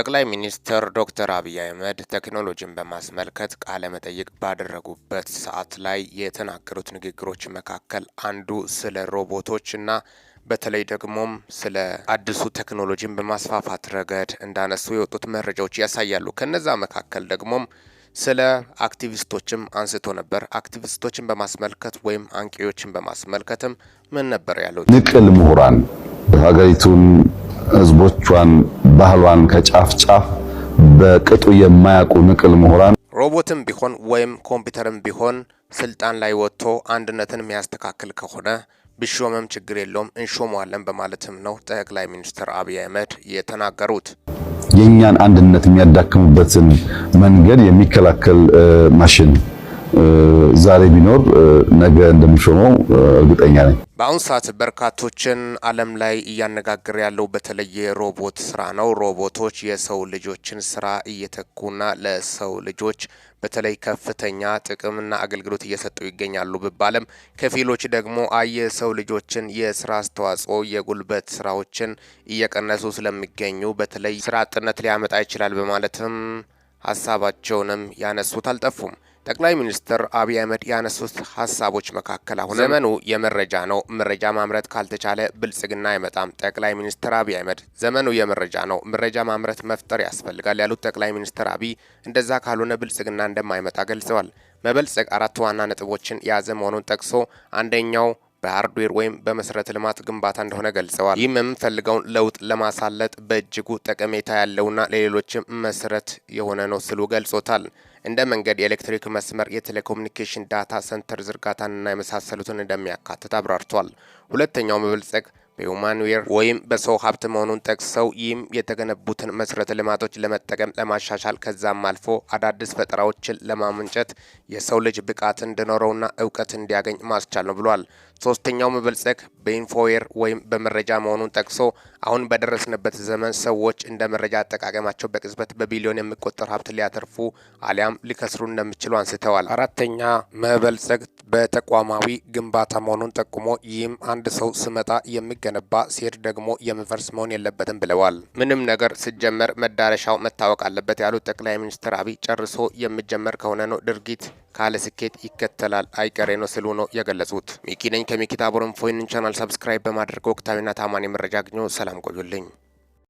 ጠቅላይ ሚኒስትር ዶክተር አብይ አህመድ ቴክኖሎጂን በማስመልከት ቃለ መጠይቅ ባደረጉበት ሰዓት ላይ የተናገሩት ንግግሮች መካከል አንዱ ስለ ሮቦቶችና በተለይ ደግሞም ስለ አዲሱ ቴክኖሎጂን በማስፋፋት ረገድ እንዳነሱ የወጡት መረጃዎች ያሳያሉ። ከነዛ መካከል ደግሞም ስለ አክቲቪስቶችም አንስቶ ነበር። አክቲቪስቶችን በማስመልከት ወይም አንቂዎችን በማስመልከትም ምን ነበር ያለው? ንቅል ምሁራን ሀገሪቱን ህዝቦቿን ባህሏን ከጫፍ ጫፍ በቅጡ የማያውቁ ንቅል ምሁራን ሮቦትም ቢሆን ወይም ኮምፒውተርም ቢሆን ስልጣን ላይ ወጥቶ አንድነትን የሚያስተካክል ከሆነ ቢሾመም ችግር የለውም እንሾመዋለን በማለትም ነው ጠቅላይ ሚኒስትር አብይ አህመድ የተናገሩት። የእኛን አንድነት የሚያዳክሙበትን መንገድ የሚከላከል ማሽን ዛሬ ቢኖር ነገ እንደሚሾመው እርግጠኛ ነኝ። በአሁን ሰዓት በርካቶችን ዓለም ላይ እያነጋገረ ያለው በተለይ የሮቦት ስራ ነው። ሮቦቶች የሰው ልጆችን ስራ እየተኩና ለሰው ልጆች በተለይ ከፍተኛ ጥቅምና አገልግሎት እየሰጡ ይገኛሉ ብባለም ከፊሎች ደግሞ አየ ሰው ልጆችን የስራ አስተዋጽኦ የጉልበት ስራዎችን እየቀነሱ ስለሚገኙ በተለይ ስራ አጥነት ሊያመጣ ይችላል በማለትም ሀሳባቸውንም ያነሱት አልጠፉም። ጠቅላይ ሚኒስትር አብይ አህመድ ያነሱት ሀሳቦች መካከል አሁን ዘመኑ የመረጃ ነው፣ መረጃ ማምረት ካልተቻለ ብልጽግና አይመጣም። ጠቅላይ ሚኒስትር አብይ አህመድ ዘመኑ የመረጃ ነው፣ መረጃ ማምረት መፍጠር ያስፈልጋል ያሉት ጠቅላይ ሚኒስትር አብይ እንደዛ ካልሆነ ብልጽግና እንደማይመጣ ገልጸዋል። መበልጸግ አራት ዋና ነጥቦችን የያዘ መሆኑን ጠቅሶ አንደኛው በሃርድዌር ወይም በመሰረተ ልማት ግንባታ እንደሆነ ገልጸዋል። ይህም የምንፈልገውን ለውጥ ለማሳለጥ በእጅጉ ጠቀሜታ ያለውና ለሌሎችም መሰረት የሆነ ነው ስሉ ገልጾታል። እንደ መንገድ፣ የኤሌክትሪክ መስመር፣ የቴሌኮሙኒኬሽን ዳታ ሰንተር ዝርጋታንና የመሳሰሉትን እንደሚያካትት አብራርቷል። ሁለተኛው መበልጸግ በሁማን ዌር ወይም በሰው ሀብት መሆኑን ጠቅሰው ይህም የተገነቡትን መሰረተ ልማቶች ለመጠቀም ለማሻሻል ከዛም አልፎ አዳዲስ ፈጠራዎችን ለማመንጨት የሰው ልጅ ብቃት እንዲኖረውና እውቀት እንዲያገኝ ማስቻል ነው ብሏል። ሶስተኛው መበልጸግ በኢንፎዌር ወይም በመረጃ መሆኑን ጠቅሶ አሁን በደረስንበት ዘመን ሰዎች እንደ መረጃ አጠቃቀማቸው በቅጽበት በቢሊዮን የሚቆጠር ሀብት ሊያተርፉ አሊያም ሊከስሩ እንደሚችሉ አንስተዋል። አራተኛ መበልጸግ በተቋማዊ ግንባታ መሆኑን ጠቁሞ ይህም አንድ ሰው ስመጣ የሚገነባ ሲሄድ ደግሞ የሚፈርስ መሆን የለበትም ብለዋል። ምንም ነገር ስጀመር መዳረሻው መታወቅ አለበት ያሉት ጠቅላይ ሚኒስትር አብይ ጨርሶ የሚጀመር ከሆነ ነው ድርጊት ካለ ስኬት ይከተላል አይቀሬ ነው ስሉ ነው የገለጹት። ሚኪ ነኝ ከሚኪታ ቦረንፎይንን ቻናል ሰብስክራይብ በማድረግ ወቅታዊና ታማኒ መረጃ አግኘው። ሰላም ቆዩልኝ።